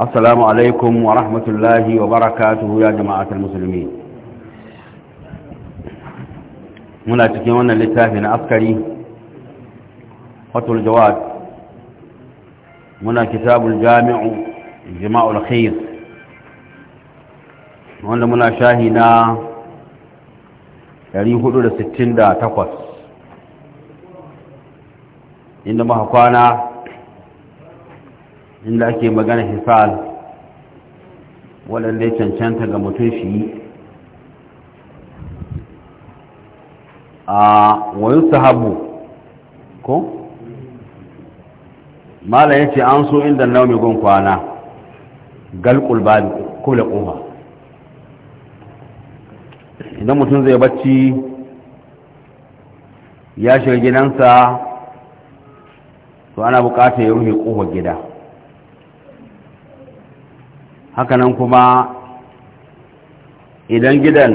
السلام عليكم ورحمة الله وبركاته يا جماعة المسلمين هنا تكيون لتافنا أفكري فتو الجواد هنا كتاب الجامع جماع الخير هنا منا شاهنا يريه لستين دا تقوص إنما هكوانا inda ake magana hisal waɗanda ya cancanta ga mutum shi a wani sahabu ko? mala ya ce an so inda naumi gun kwana galkul ba kula ƙofa idan mutum zai bacci ya shiga gidansa to ana bukatar ya rufe ƙofar gida hakanan kuma idan gidan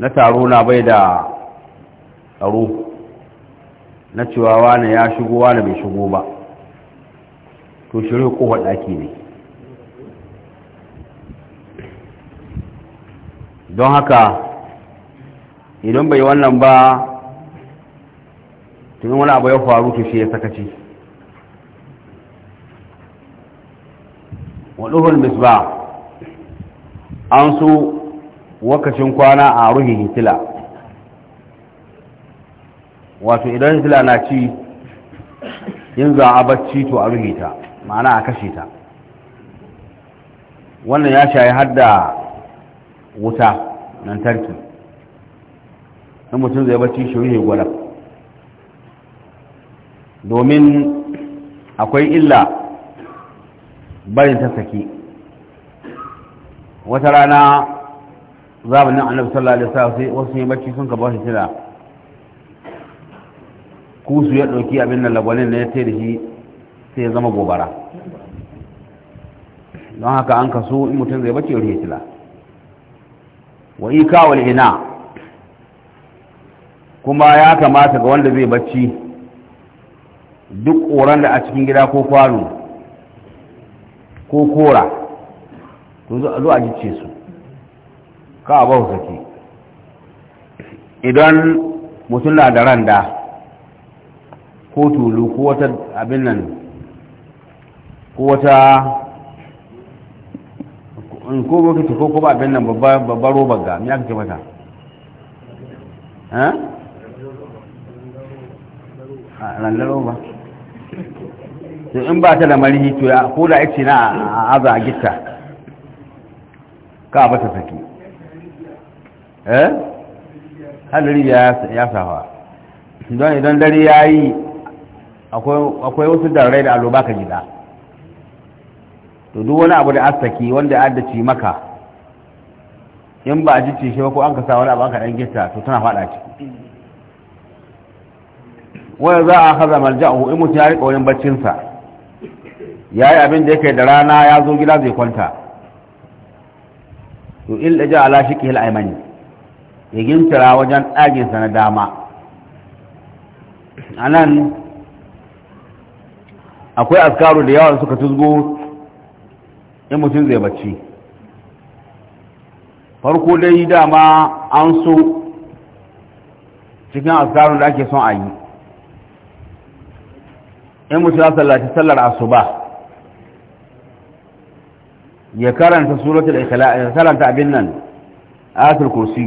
na taro na bai da tsaro na cewa wane ya shigo wane bai shigo ba to shirin kowar ɗaki ne don haka idan bai wannan ba tun wani abu ya faru to shi ya sakaci Waɗuhun misba an su wakacin kwana a ruhin hitila wato idan hitila na ci yin za a bacci to a ruhi ta ma'ana a kashe ta wannan ya shayi hadda wuta lantarki na mutum zai bacci shi ruhi gwalab domin akwai illa barin ta saki wata rana zamanin annabi sallallahu alaihi wasallam sai wasu yi bacci sun ka ba shi tira kusu ya ɗauki abin nan lagwanin ne ya shi sai ya zama gobara don haka an kaso in mutum zai bacci rufe tila wa ika wal ina kuma ya kamata ga wanda zai bacci duk ƙoran da a cikin gida ko kwano ko kora to zo a gice su ka a bahu sake idan mutum na da randa ko tulu ko wata abin nan ko wata in ko bokiti ko ko ba abin nan babba eh? ah, roba ga ya kake mata ha? randar roba to in ba ta da marihi to ya ko da yace na a aza a gitta ka ba ta saki eh hadari ya ya safa don idan dare ya yi akwai wasu dare da aloba ka gida to duk wani abu da asaki wanda ya addace maka in ba a ji shi ba ko an ka sa wani abu aka dan gita to tana faɗa ciki wanda za a haza marja'u in mutu ya riƙa wurin baccinsa ya yi abin da yake da rana ya zo gida zai kwanta to il da ja ala shiki hil aimani ya gintara wajen ɗaginsa na dama a nan akwai askaru da yawa suka tuzgo in mutum zai bacci farko dai dama an so cikin askarun da ake son a yi in mutum ya sallaci sallar asuba ya karanta suratul ikhlas ya karanta abin nan ayatul kursi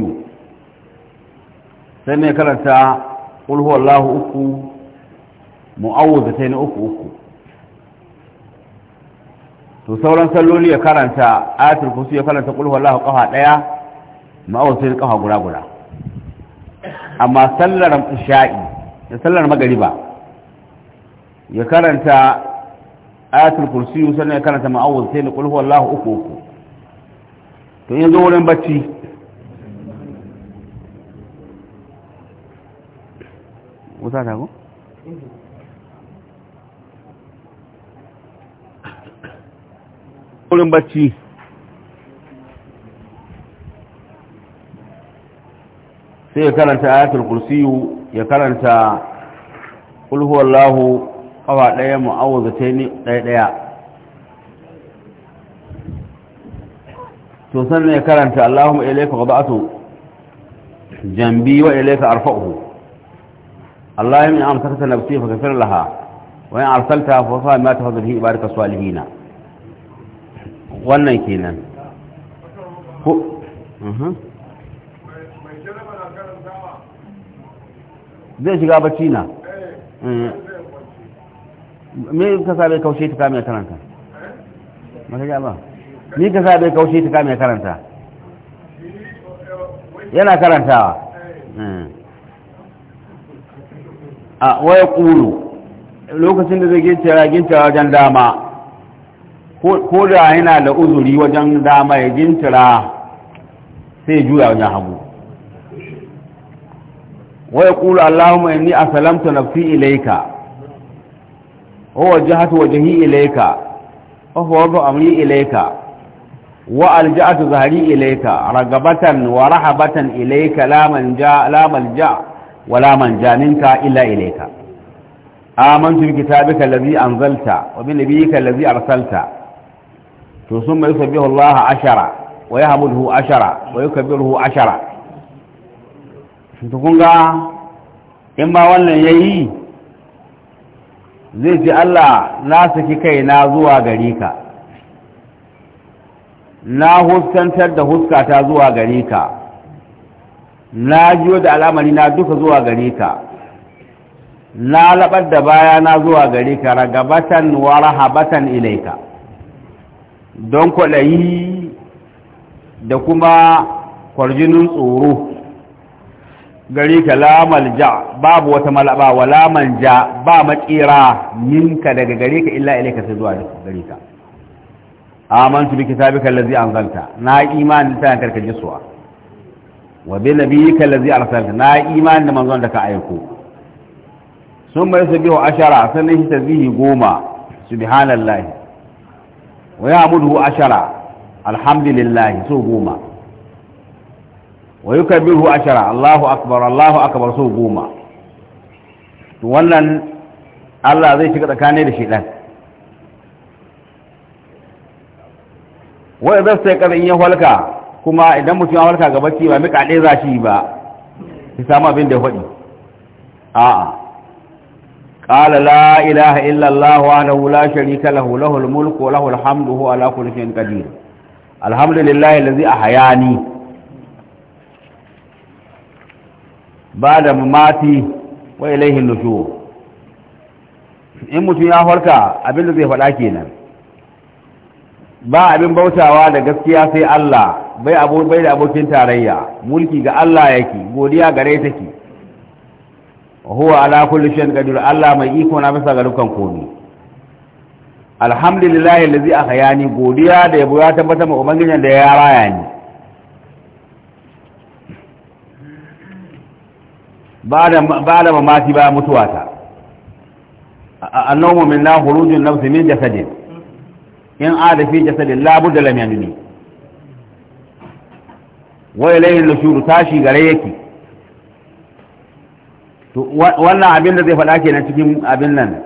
sai mai karanta qul huwallahu uku mu'awwidhatayn uku uku to sauran salloli ya karanta ayatul kursi ya karanta qul huwallahu qaha daya mu'awwidhatayn qaha guda guda amma sallar isha'i da sallar magriba ya karanta ayatul kursi sannan kana ta ma'awul sai ni qul huwallahu uku uku to yanzu wurin bacci wuta ta go wurin bacci sai ya karanta ayatul kursi ya karanta qul huwallahu kawa ɗaya mu'awuza ta yi ɗaya to sannan ya karanta Allahumma ilaika ba'atu jambi wa ilaika arfa'uhu Allahumma in ta nafsi fa kafir laha wa in arsalta fa fa ma tafadhu bihi ibadaka salihina wannan kenan ko mhm. zai shiga bacci na eh. me ka sa bai kaushe ta kame karanta maka ja ba ni ka sa bai kaushe ta kame karanta yana karantawa eh. a waya kulu lokacin da zai gincewa wajen dama ko da yana da uzuri wajen dama ya gintira sai juya wajen hagu waya kulu allahumma inni asalamtu nafsi ilaika هو جهة وجهي إليك وضع أمري إليك وألجأت ظهري إليك رغبة ورحبة إليك لا من جاء لا من جاء ولا من جاء منك إلا إليك آمنت بكتابك الذي أنزلت وبنبيك الذي أرسلت ثم يسبح الله عشرة ويحمده عشرة ويكبره عشرة تكون إما ولا يي zai ji Allah na saki kai na zuwa gari ka na huskantar da huskata zuwa gari ka na jiyo da al'amari na duka zuwa gari ka na labar da baya na zuwa gari ka ragabatan wa rahabatan ilaika don kwaɗayi da kuma kwarjinin tsoro gari ka lamal ja babu wata malaba wa lamal ja ba matsira minka daga gare ka illa ilaika sai zuwa gare ka amantu bi kitabika allazi anzalta na iman da tankarka jisuwa wa bi nabiyyika allazi arsalta na iman da manzon da ka aiko sun mai su biyu ashara sannan shi tasbihi goma subhanallahi wa ya'muduhu ashara alhamdulillahi so goma wa yukabbiru ashara Allahu akbar Allahu akbar so goma wannan Allah zai shiga tsakani da shedan wa idza sai in ya halka kuma idan mutum ya halka ga bacci ba mika dai zashi ba ki samu abin da ya faɗi a'a qala la ilaha illa a wahdahu la sharika lahu lahul mulku wa lahul hamdu huwa ala kulli shay'in qadir alhamdulillahi ba da mamati wa ilaihin nushur in mutum ya farka abinda zai faɗa kenan ba abin bautawa da gaskiya sai Allah bai abu da abokin tarayya mulki ga Allah yake godiya gare ta ke. huwa ala kulli shay'in qadir Allah mai iko na bisa ga dukkan komai alhamdulillahi allazi ahyani godiya da yabo ya tabbata ma ubangijin da ya raya ni ba da mamaki ba mutuwa ta mu min na hurujin na musulmi jasadin in ada fi jasadin labu da lam Wai layin da shuru tashi gare yake to wannan abin da zai faɗa kenan cikin abin nan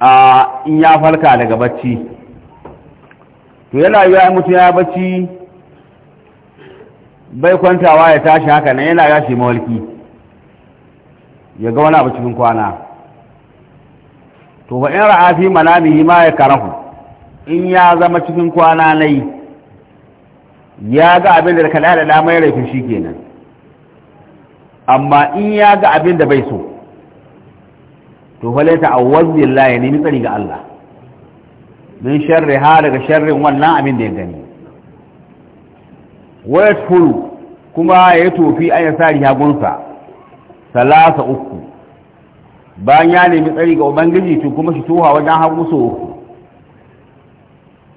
a in ya falka daga bacci to yana yi mutu ya bacci bai kwantawa ya tashi haka nan yana yashi mawalki ya ga wani abu cikin kwana to in ra'a fi manamihi ma ya karahu in ya zama cikin kwana nai ya ga abin da kada da damar rafin shi kenan amma in ya ga abin da bai so to fa laita awwaz billahi nemi tsari ga Allah min sharri ha daga sharrin wannan abin da ya gani waya turu kuma ya tofi an ya sari hagunsa salasa uku bayan ya nemi tsari ga ubangiji tun kuma shi tuha wajen hagu so uku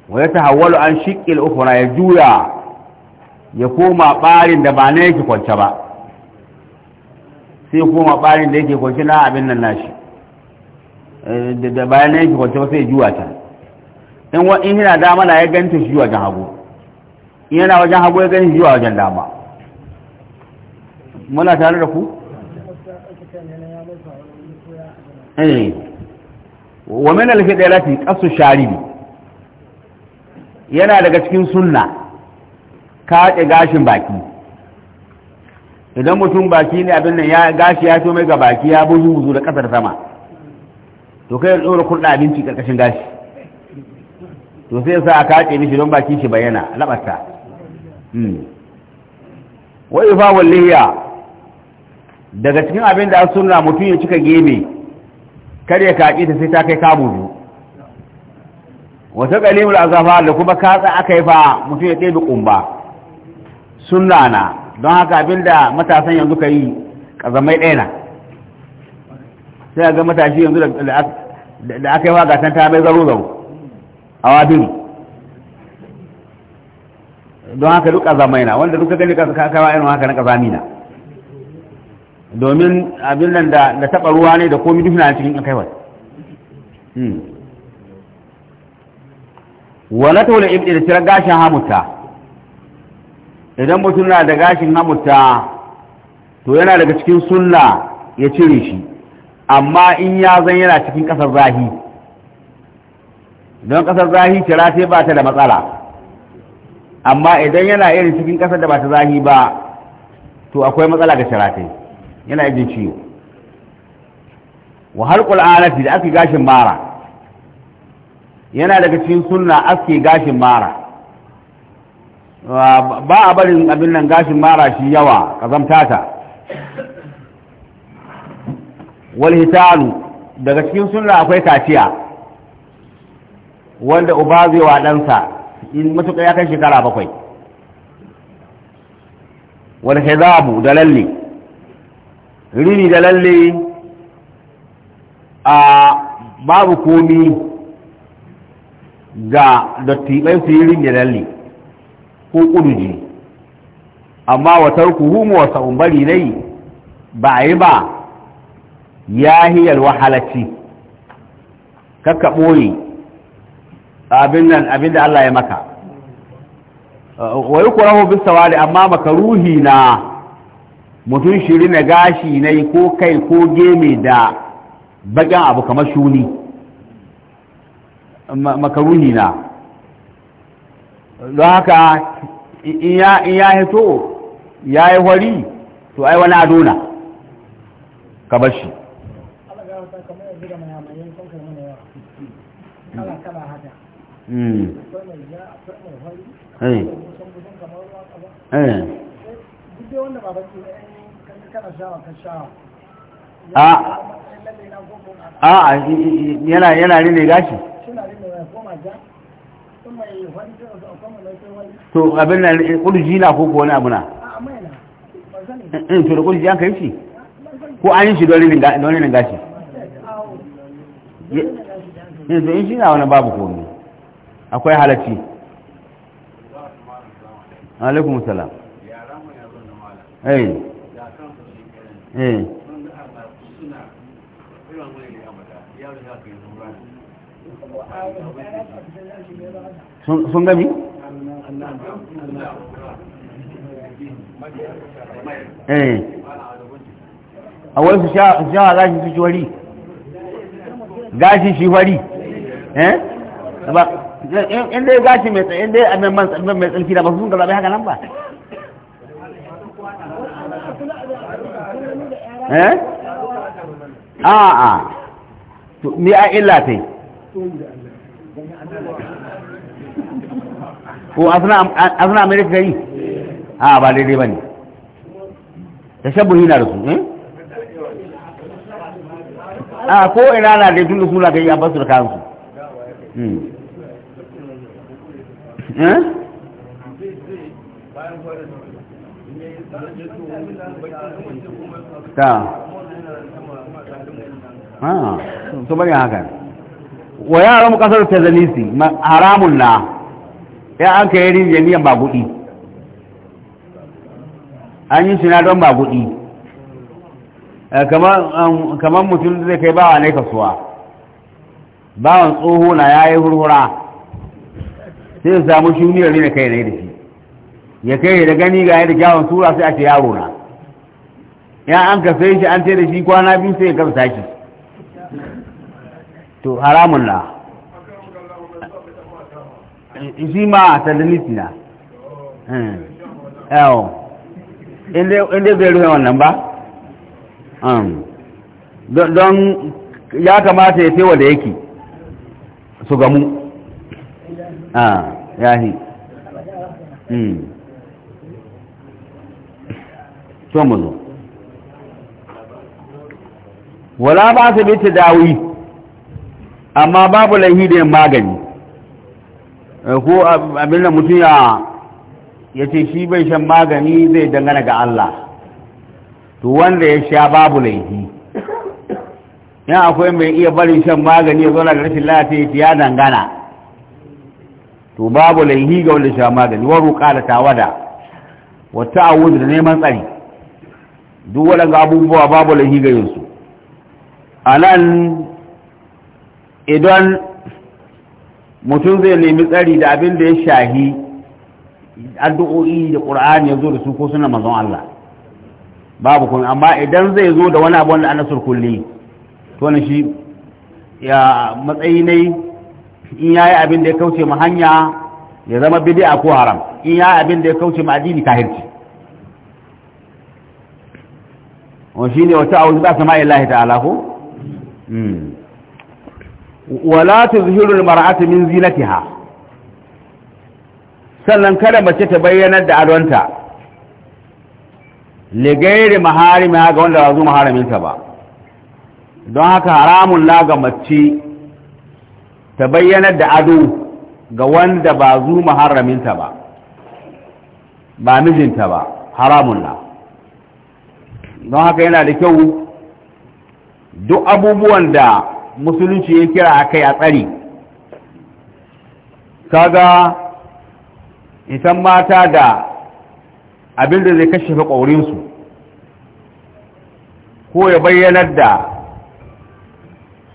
waya ta hawalu an shiƙil na ya juya ya koma ɓarin da ba na yake kwance ba sai koma ɓarin da yake kwance na abin nan nashi eh, da bayan na yake kwance ba sai ya juya can in wa in hina dama na ya ganta shi wajen hagu yana wajen hagu ya gani zuwa wajen dama muna tare da ku? eh wa min al-hidayati qasu sharibi yana daga cikin sunna kaɗe gashin baki idan mutum baki ne abin nan ya gashi ya tome ga baki ya buzu buzu da ƙasar sama to kai tsoro kurɗa abinci ƙarƙashin gashi to sai sa a kaɗe mishi don baki shi bayyana labarta Hmm. wa ifawul walliya daga cikin abin da suna mutum ya cika gebe kare ka ta sai ta kai kamu biyu wata qalimul azafa da kuma katsa aka yi fa mutum ya ɗebe kumba sunna na don haka abin da matasan yanzu ka yi kazamai ɗaya na sai ga matashi yanzu da aka yi wa gasan ta mai zaro zaro a don haka duk azamaina wanda duka gani ka ka wa irin haka na kazamina domin abin nan da da taba ruwa ne da komai duk na cikin kaiwa hmm wala tawla ibdi da tira gashin hamuta idan mutum na da gashin hamuta to yana daga cikin sunna ya cire shi amma in ya zan yana cikin kasar zahi don kasar zahi cira sai ba ta da matsala amma idan yana irin cikin ƙasar da ba ta zahi ba to akwai matsala ga sharatai yana jin ciwo wa harkul alati da ake gashin mara yana daga cikin sunna aske gashin mara ba a barin abin nan gashin mara shi yawa kazamta ta wal daga cikin sunna akwai kaciya wanda uba zai wa ɗansa in matuƙa ya kai shekara bakwai wani hizabu da lalle rini da lalle a babu komi ga dattibai su yi rini da lalle ko ƙuduji amma watar kuhumu wasa umbari dai ba a yi ba ya hiyar wahalaci kakka ɓoye abin nan abin da Allah ya maka wai yukrahu bis sawali amma ruhi na mutum shiri na gashi ne ko kai ko geme da bakin abu kamar shuni Maka ruhi na don haka in ya hito ya yi hori to ai wani adona ka bar shi Hmm. Ah. Ah, yana yana ne gashi to abin na kurji na ko wani abu na eh, to da kurji an kai shi ko an yi shi don rinin gashi in eh, to in shi na wani babu komi akwai halacci alaikum salam eh, eh. sun gami? Eh. a wani su shawa gashi su shi wari gashi shi wari eh in dai gashi mai tsaye dai a mai mai tsarki da ba sun gaza haka nan ba eh a'a to me a illa tai ko asna asna mai kai a ba daidai bane tashabbuhi na da su eh a ko ina na da tun da su na kai a basu da kansu hmm. Eh? ta ha su bari haka wa yaran mu kasar tazanisi haramun na ya an kai rin jami'an ba gudi an yi suna don ba gudi eh, kamar mutum zai kai bawa ne kasuwa bawan tsohu na ya yi hurhura sai ya samu shi ne kai ne da shi ya kai da gani ga yadda kyawun sura sai a ce yaro na ya an ka sai shi an ce da shi kwana biyu sai ya kamsa shi to haramun na eh, shi ma tallinisi na eh, yawon inda zai rufe wannan ba um, don ya kamata ya tewa da yake su gamu Ah, yahi hmm. wala ba su bi tadawi amma babu lahi da magani eh, ko abinda da mutum ya ce shi bai shan magani zai dangana ga Allah to wanda ya sha babu laifi yan akwai mai iya barin shan magani ya zo na rashin lafiya ya dangana to babu laihi ga wanda sha magani wa ruqa da tawada wa ta'awuz da neman tsari duk waɗanda abubuwa babu laihi ga yinsu anan idan mutum zai nemi tsari da abin da ya shahi addu'o'i da qur'ani ya zo da su ko suna manzon Allah babu kuma amma idan zai zo da wani abu wanda ana surkulli to ne shi ya matsayi ne in ya yi abin da ya kauce mu hanya ya zama bid'a ko haram in ya yi abin da ya kauce mu addini kahirci wa ne wata auzu ba sama illahi ta'ala ko hmm. wala tuzhiru almar'atu min zinatiha sannan kada mace ta bayyanar da adonta ligairi maharimi ga wanda ba zo mahariminta ba don haka haramun la ga mace ta bayyanar da ado ga wanda ba zu maharaminta ba ba mijinta ba haramun don haka yana da kyau duk abubuwan da musulunci ya kira a kai a tsari kaga isan mata da abin da zai kashe ƙaurinsu ko ya bayyanar da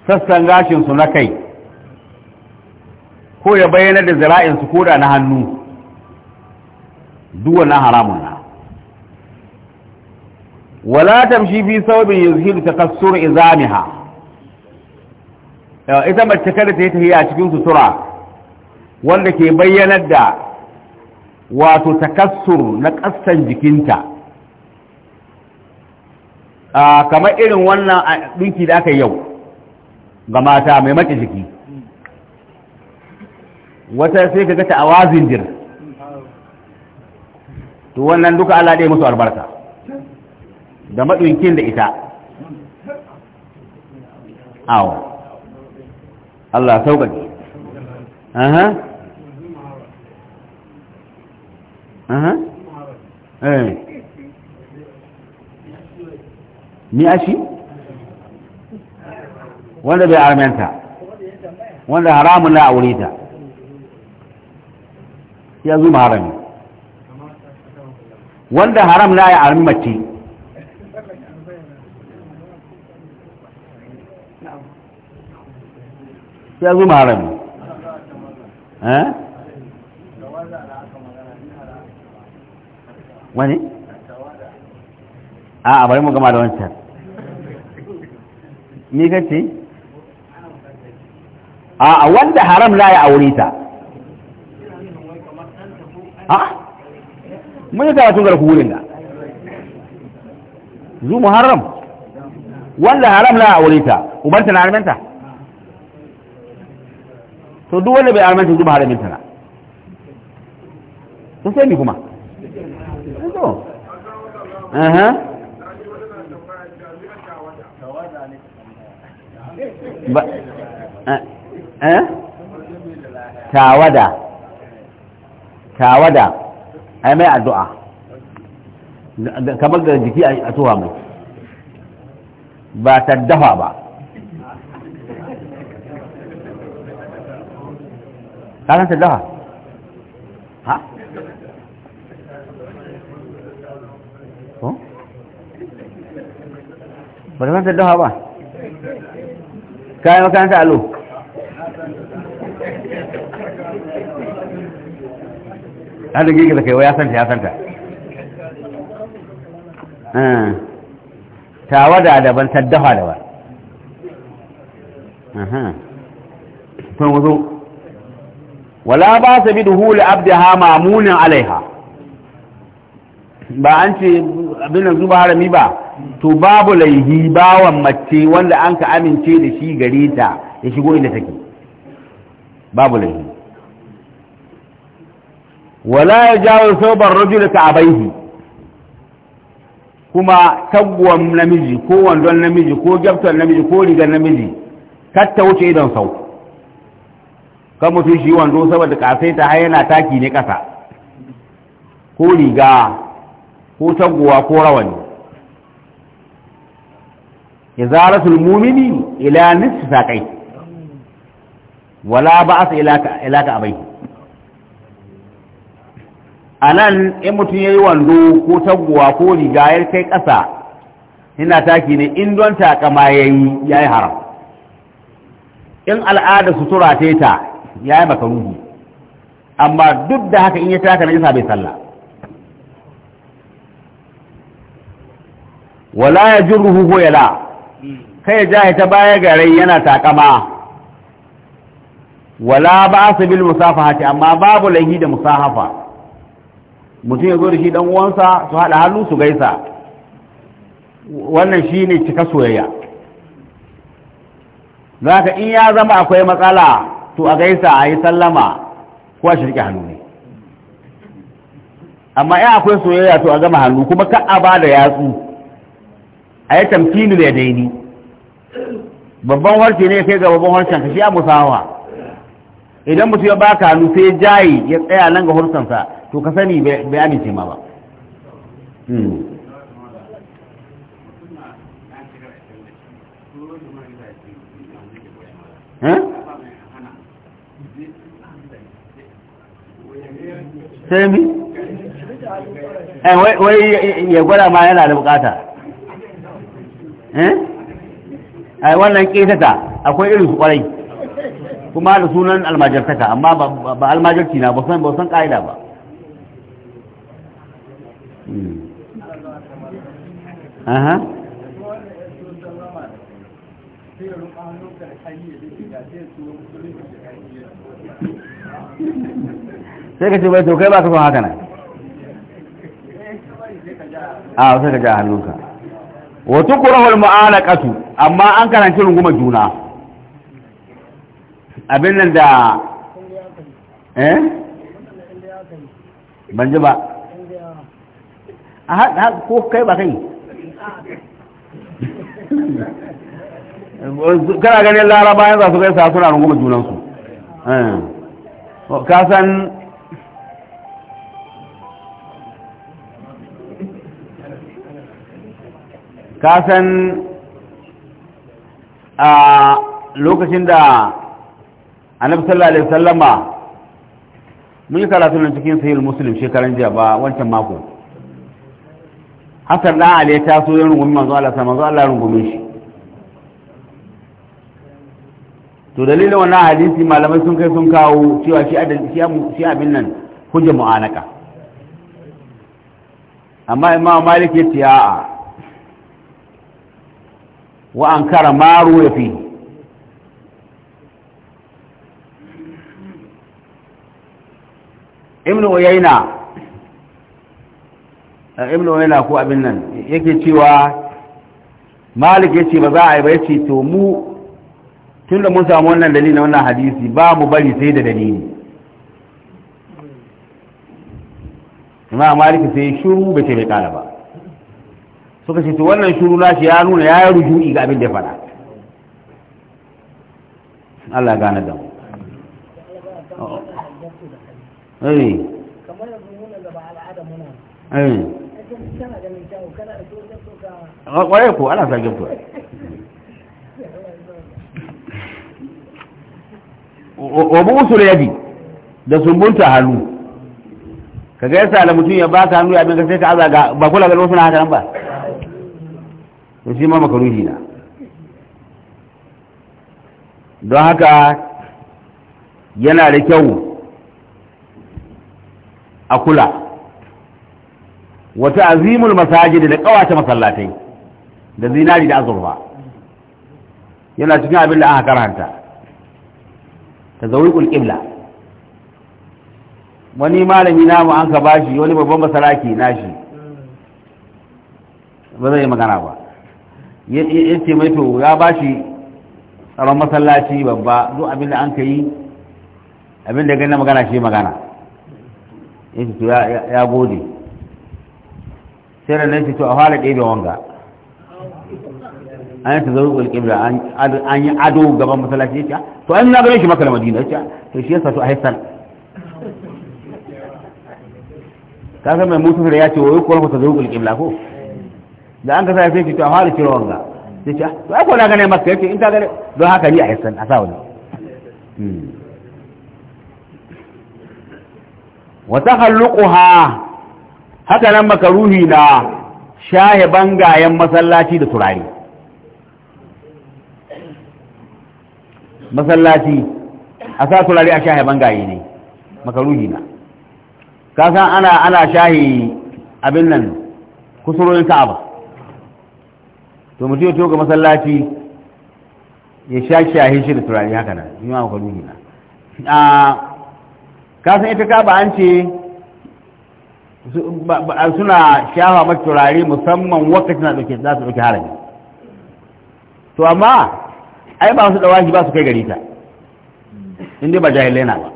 sassan gashinsu na kai ko ya bayyana da zira'in su koda na hannu duwa na haramun na wala tamshi fi saubin yuzhiru takassur izamiha ita mace kada ta yi tafiya a cikin sutura wanda ke bayyanar da wato takassur na kasan jikinta kamar irin wannan ɗinki da aka yau ga mata mai mace jiki wata sai ka gata a wazin jir to wannan duka Allah dai musu albarka da madunkin da ita awo Allah sauƙaƙe aha aha eh ni ashi wanda bai armenta wanda haramun na aure ta ya ma harami wanda haram na ya armi mace ya zuma harami eh? wani? a bari mu gama da wancan ni kace a wanda haram la ya aure ta mun yi karatun garku wurin da zu muharram wanda haram na aure ta ubanta na armenta to duk wanda bai armenta zu muharraminta na sun sai ni kuma eh, eh? tawada tawada ai mai addu'a kamar da jiki a tuwa mai ba ta dafa ba kasan ta dafa ha? ba ta dafa ba kayan makaranta alo an da kaiwa ya santa ya santa ah. tawada daban saddafa daban sun wuzo wala ba ta bi duhul abdaha mamunin alaiha ba an ce abin da zuba harami ba to babu laihi bawan mace wanda an ka amince da shi gare ta ya shigo inda take babu laihi wala ya jawo saubar rajul ka'abaihi kuma tagwan namiji ko wandon namiji ko gyaftar namiji ko rigar namiji katta wuce idon sau kan mutum shi wando saboda kasai ta har yana taki ne kasa ko riga ko taguwa ko rawani ya zara sulmumini ila nisfi saƙai wala ba asa ila ka abai a nan in mutum ya yi wando ko taguwa ko riga ya kai ƙasa yana taki ne in don takama ya yi ya yi haram in al'ada sutura ta ta ya yi ruhu. amma duk da haka in ya taka na isa bai sallah wala ya jin ruhu ko yala kai jahi ta baya rai yana takama wala ba su bil musafahati amma babu lahi da musahafa mutum ya zo da shi dan uwansa su haɗa hannu su gaisa wannan shi ne cika soyayya za ka in ya zama akwai matsala to a gaisa a yi sallama ko a shirke hannu ne amma in akwai soyayya to a gama hannu kuma ka a ba da yatsu a yi tamfini da daini babban harshe ne kai ga babban harshen ka shi a musawa idan mutum ya baka hannu sai jayi ya tsaya nan ga hursansa to ka sani bai amince ma ba hmm. sai mi? Eh, wai ya gwada ma yana da bukata eh? ai wannan ƙetata akwai irin su kwarai kuma da sunan almajartaka amma ba almajarci na ba san ƙa'ida ba aha sai ka ce bai tokai ba ka son haka nan a sai ka ja hannunka wato kurahul mu'alaqatu amma an karanci runguma juna abin nan da eh ban ji ba a haka ko kai ba kai kana ganin laraba yanzu su gaisa suna runguma junansu eh. kasan kasan a lokacin da annabi sallallahu alaihi wasallama mun yi karatu nan cikin sahih muslim shekaran jiya ba wancan mako hasar da ali ya taso ya rungumi manzo Allah sa manzo Allah rungume shi to dalilin wannan hadisi malamai sun kai sun kawo cewa shi shi abin nan hujja mu'anaka amma imam malik ya ce a'a wa ankara ma ya fi ibnu uyayna Eh, ibn wayla ko abin nan yake cewa malik yace ba za a yi ba yace to mu tun da mun samu wannan dalili na wannan hadisi ba mu bari sai da dalili imam malik sai shuru ba ce bai kala ba suka ce to wannan shuru shi ya nuna ya yi ruju'i ga abin da ya faɗa Allah gane da mu eh. kamar yanzu nuna gaba al'ada muna eh. kwarai ko ana wabu usul yadi da sumbunta hannu ka ga yasa da mutum ya ba ka hannu abin ka sai ka aza ga ba kula ga wasu na haka nan ba to shi ma makaruhi na don haka yana da kyau a kula wata azimul masajid da kawace masallatai da zinari da azurfa yana cikin abin da aka karanta ta zauriƙul ƙibla wani malami namu an ka bashi wani babban masaraki nashi ba zai magana ba ya ce mai to ya bashi tsaron masallaci babba duk abin da an ka yi abin da gani magana shi magana ya to ya gode sai nan ce to a fara ɗebe wanga an yi tazaru ulƙibla an yi ado gaban masallaci ya to an na gane shi maka da madina ya to shi yasa to a haifar ka san mai mutu ya ce wai kuwa ku tazaru ulƙibla ko da an kasa sai ce to a fara cire wanga sai ce to ai ko na gane maka yace in ta gane don haka ni a haifar a sa wani wa takhalluquha haka nan makaruhi na shahe bangayen masallaci da turare masallaci a sa turare a shahe bangaye ne makaruhi na kasan ana ana shahe abin nan kusurorin ka'aba to mutum ya toka masallaci ya sha shahe shi da turare haka nan yi ma makaruhi na ah, kasan ita ba an ce suna shafa mata turare musamman wakati na ɗauke za su ɗauki harami to amma ai ba su ɗawashi ba su kai gari ta inda ba jahilai na ba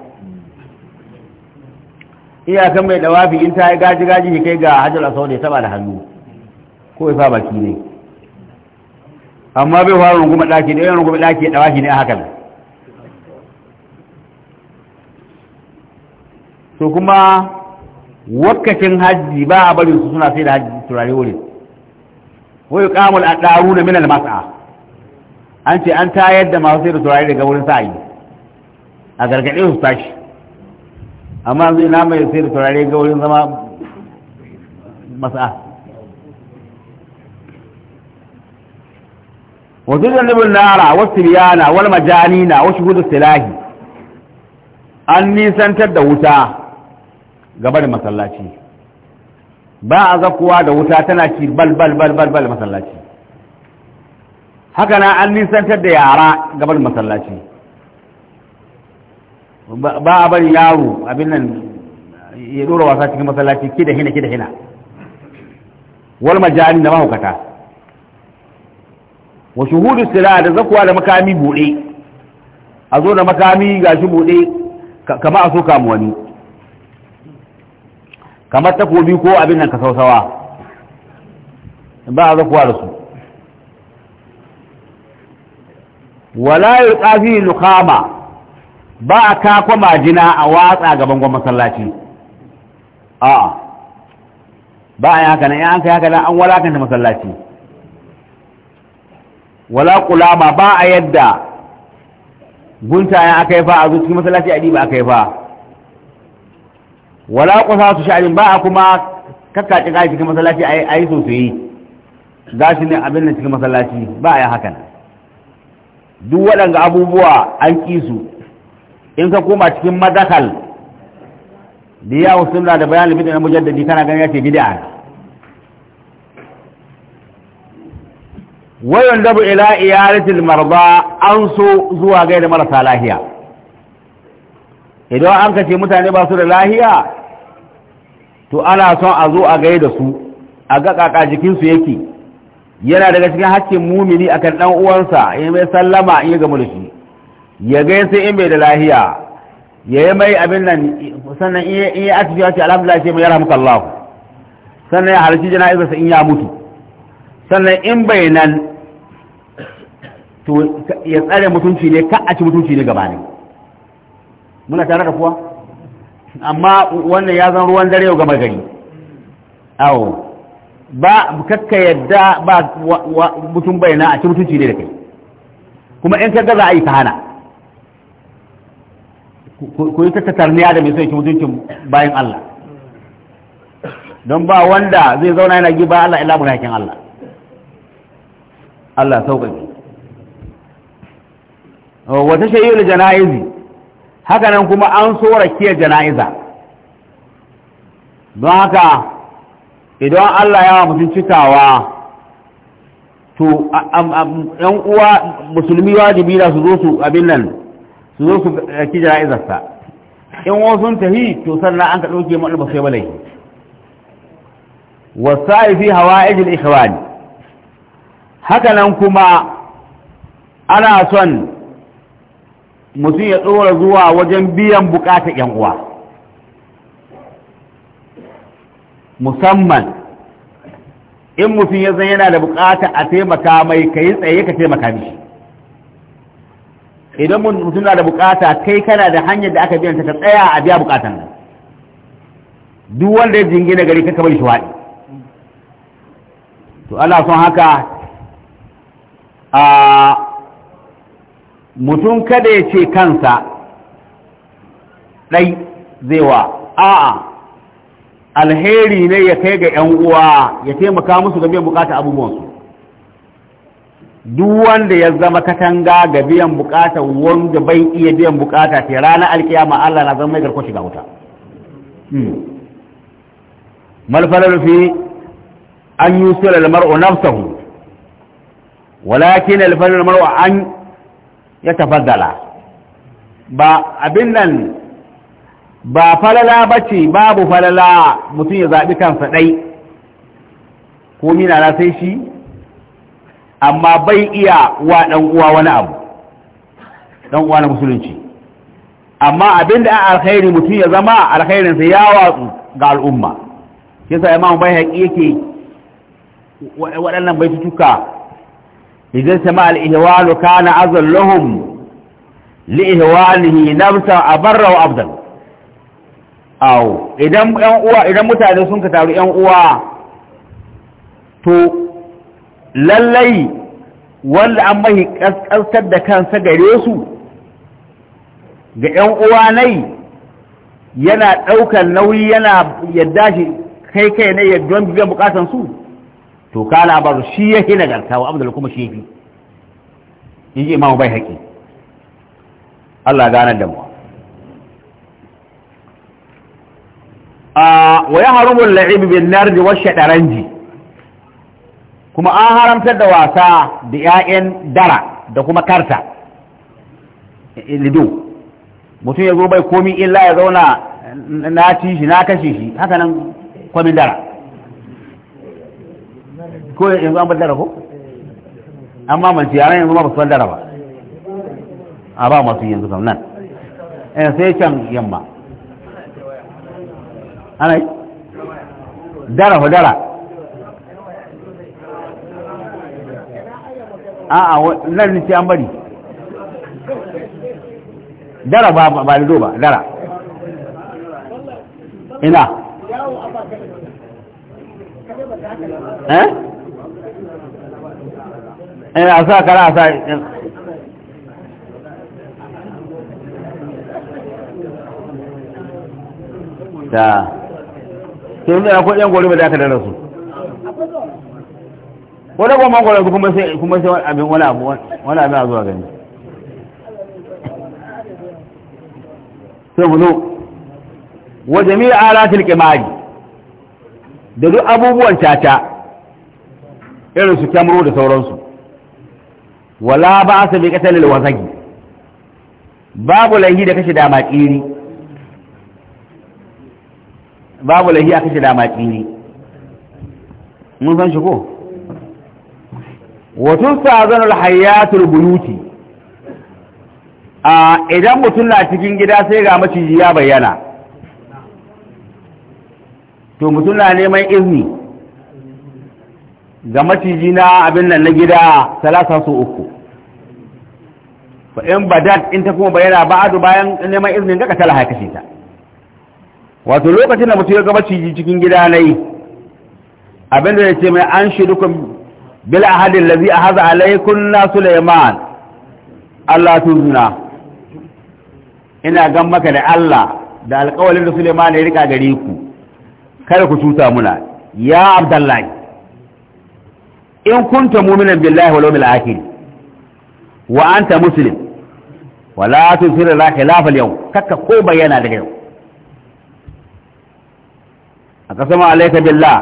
iyakan mai ɗawafi in ta yi gaji gaji shi kai ga hajjar asau da ya taba da hannu ko ya sa baki ne amma bai fara rungumar ɗaki ne, yawan ɗaki ya ne a hakan to kuma wakacin hajji ba a bari su suna sai da hajji turare wurin wai kamul a ɗaru da minal masa an ce an tayar da masu sai da turare daga wurin sa'ayi a gargaɗe su tashi amma zai na mai sai da turare ga wurin zama masa wasu janibin nara wasu biyana wal majanina wasu hudu silahi an nisantar da wuta gaba da masallaci ba a zakuwa da wuta tana ci bal bal bal bal bal masallaci haka na an nisantar da yara gaba da masallaci ba a bari yaro abin nan ya dora wasa cikin masallaci da hina da hina wal majani da mahaukata wa shuhudu sila da zakuwa da makami bude a zo da makami gashi bude kama a so kamu wani kamar takobi ko abin nan ka sausawa ba a zakuwa da su wala yi tsafi lukama ba a kakwa majina a watsa gaban gwan masallaci a ba a yi haka nan an kai haka nan an walakanta masallaci wala kulama ba a yadda guntaya ya aka yi fa a zuci masallaci a ɗiba aka yi fa wala kusa su sha'arin ba kuma kakkace gashi cikin masallaci a yi sosai gashi ne abin da cikin masallaci ba a yi hakan duk waɗanga abubuwa an ƙi su in ka koma cikin madakal da yawon suna da bayanin bid'a na mujaddadi kana ganin ya ce bid'a wayan bu ila iyalatil marba an so zuwa gaida marasa lahiya idan an kace mutane ba su da lahiya to ana son a zo a da su a ga kaka jikinsu yake yana daga cikin hakkin mumini akan ɗan uwansa ya mai sallama in ya gama da shi ya sai in bai da lahiya ya yi mai abin nan sannan in ya atifi ya ce alhamdulillah ce mai yarhamuka Allah sannan ya halarci sa in ya mutu sannan in bai nan to ya tsare mutunci ne ka a ci mutunci ne gaba ne muna tare da kuwa amma wannan ya zan ruwan dare ga magari awo ba kakka yadda ba mutum bayyana a ci mutunci ne da kai kuma in kaga za a yi ta hana ku yi ta tatarniya da mai sai mutuncin bayan Allah don ba wanda zai zauna yana giba Allah ila munakin Allah Allah sauƙaƙi wata shayyar jana'izi Hakanan kuma an so rakiyar jana'iza don haka idan Allah ya mutum cikawa to ‘yan uwa musulmi wajibi da su zo su abin nan su zo su raki jana'izarsa in wasu tahi to sannan an ka ɗauke maɗu ba sai wasu fi hawa ejil ikhwani hakanan kuma ana son mutum ya tsora zuwa wajen biyan bukatar yan uwa musamman in mutum ya zan yana da bukata a taimaka mai kayi tsaye ka taimaka mishi idan mutum na da bukata kai kana da hanyar da aka biyan ta tsaya a biya bukatan nan duk wanda ya jingina gari kakabar bai shi waɗi to ana son haka a mutum kada ya ce kansa ɗai zai wa a'a alheri ne ya kai ga 'yan uwa ya taimaka musu ga biyan bukata abubuwansu duk wanda ya zama katanga ga biyan bukata wanda bai iya biyan bukata ta ranar alkiyama Allah na zama mai garko shiga wuta hmm. malfalar fi an yi da mar'u nafsahu walakin alfalar mar'u an ya tafaddala ba abin nan ba falala ba ce babu falala mutum ya zaɓi kansa ɗai ko mina sai shi amma bai iya wa ɗan uwa wani abu ɗan na musulunci amma abinda an alkhairi mutum ya zama alkhairinsa ya watsu ga al'umma kisa imam bai haƙi yake waɗannan bai tutuka idan sama al’ihwalu kana azal lahum li’ihwalihi na bisa a wa idan uwa idan mutane sun ka taru uwa to lallai wanda an mahi ƙasƙasar da kansa gare su ga uwa nai yana ɗaukar nauyi yana yadda shi kai kai na yadda biyan bukatansu su to ka labaru shi ya hina nagarta wa abdul kuma shi in ji imamu bai haƙi Allah ganar da mu wa ya harumun la'ibi bin nardi wa shaɗaranji kuma an haramtar da wasa da ‘ya'yan dara da kuma karta lido mutum ya zo bai komi illa ya zauna na ci shi na kashe shi hakanan kwamin dara ko yanzu an bandara ko an mamanci yaran yanzu ma ba su bandara ba a ba masu yanzu kan nan eh sai can yamma ana yi dara ho dara a a nan ni ce an bari dara ba ba lido ba dara ina eh ina eh, sa kara sa ta sun zai akwai yan gori ba da aka dara su wadda kuma gori kuma sai kuma sai wani abin wani abu wani abin a zuwa gani sai mu zo wa jami'a alatil qimari da duk abubuwan caca irin su kyamro da sauransu wala ba su bi katalil wazagi babu lahi da kashe dama kiri babu lahi a kashe dama kiri mun san shi ko wato sa'azan alhayatul buyuti a idan mutum na cikin gida sai ga maciji ya bayyana to mutum na neman izini ga maciji na abin nan na gida salasa su uku fa in badat in ta kuma bayyana ba'adu bayan neman izinin ga ka haka shi ta wato lokacin da mutu ya ga maciji cikin gida nayi abin da ce mai an shi dukkan bil ahadin lazi ahaza alaikun na Sulaiman Allah tuzuna ina gan maka da Allah da alkawalin da Sulaiman ya rika gare ku kada ku cuta muna ya Abdullahi in kunta mu'minan billahi wal yawmil akhir wa anta muslim wala tusir la khilaf al yawm kaka ko bayyana daga yau akasama alayka billah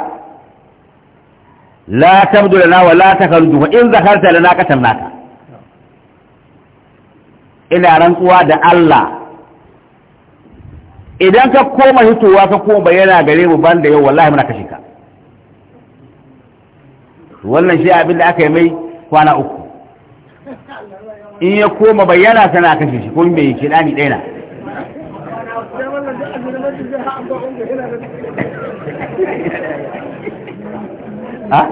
la tabdu lana wa la takhruju in zakarta lana katamnaka ina rantsuwa da Allah idan ka koma hitowa ka koma bayyana gare mu banda yau wallahi muna kashe ka wannan shi abin da aka yi mai kwana uku in ya koma bayyana sana kashe shi ko mai kidani ɗaya na ah?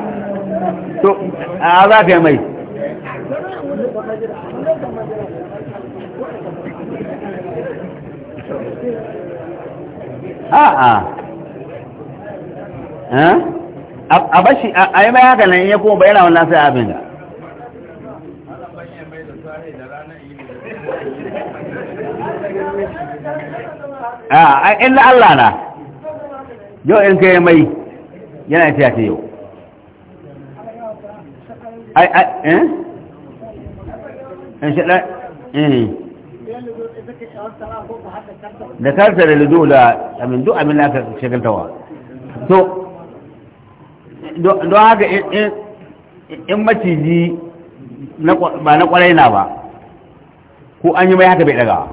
to a za ka yi mai a'a a bashi a yi maya ganin ya kuma bayyana wannan sai abin a inda Allah na yau in kai mai yana ta yata yau eh? eh. da karta da lido da amin duk abin na shagaltawa so. don haka in maciji ba na kwarai na ba ko an yi mai haka bai daga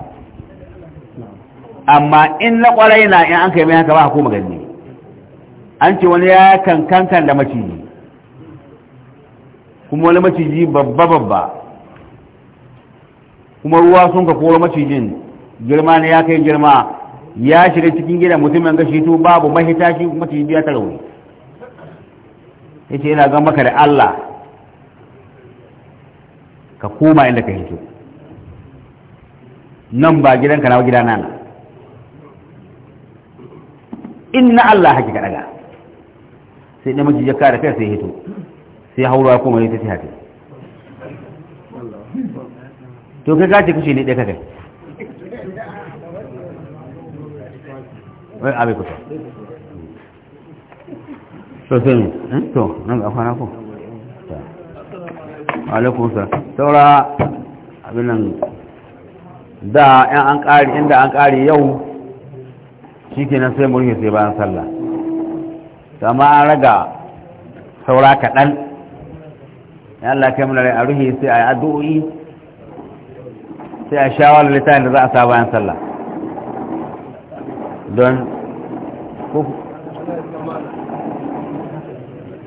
amma in na kwarai na in an ka yi mai haka ba ko magani an ce wani ya kankankan da maciji kuma wani maciji babba babba kuma ruwa sun ka koro macijin girma ne ya kai girma ya shiga cikin gidan mutumin gashi to babu mahita shi maciji ya ta rauni ce ina ga maka da Allah ka koma inda ka hito nan ba gidanka na gidana na inna Allah hakika ɗaga sai ɗan miji ya da kai sai hito sai haura ya koma ne ta haka to kai ka ce kushe ne ɗaya kakai wai abai kusa to ne eh, to nan ga kwana ko alaikun sa saura abin nan da yan an ƙari inda an ƙari yau shi kenan sai murhi sai bayan sallah sama an raga saura kaɗan ya Allah kai mana a ruhi sai a yi addu'o'i sai a shawarar littafin da za a sa bayan sallah don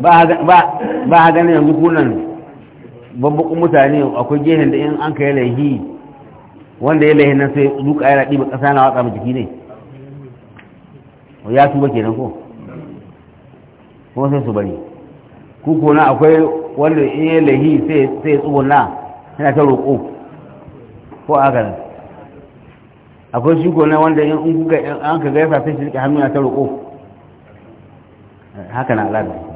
ba a ganin yanzu kunan babbakun mutane akwai gehen da in an ka yi laihi wanda ya laihi nan sai duka ya raɗi ba ƙasa na watsa jiki ne ya tuba kenan ko kuma sai su bari kuku na akwai wanda in ya laihi sai ya tsubunna yana ta roƙo ko agarin akwai shi na wanda in an ka gaisa sai shi rike hannu na ta roƙo haka na al'adar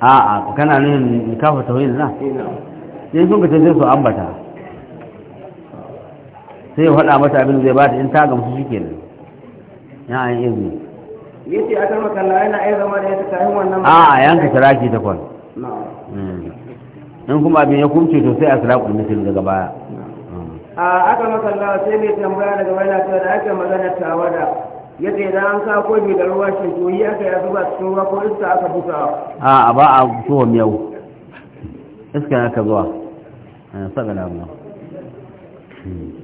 a'a kana nuhin kafa tauhid na sai sun ka sai su ambata sai ya faɗa mata abin zai bata in ta gamsu shi kenan ya an izini yace a kan makalla yana ai zama da ya tafi wannan a'a yanka saraki ta kwan hmm. in kuma abin ya kumce to sai a sarakul mutum daga baya a aka makalla sai mai tambaya daga wani da ake magana wada. ya ce da an sa kofi da ruwa shi to yi aka ya zuba cikin ruwa ko iska aka busa a ba a zuwa miyau iska ya ka zuwa yasa ga mu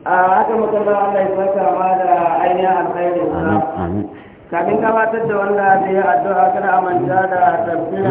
a haka makarba Allah ya saka ma da ainihin alkhairin sa kamin gabatar da wanda da ya addu'a kana amanta da tafsira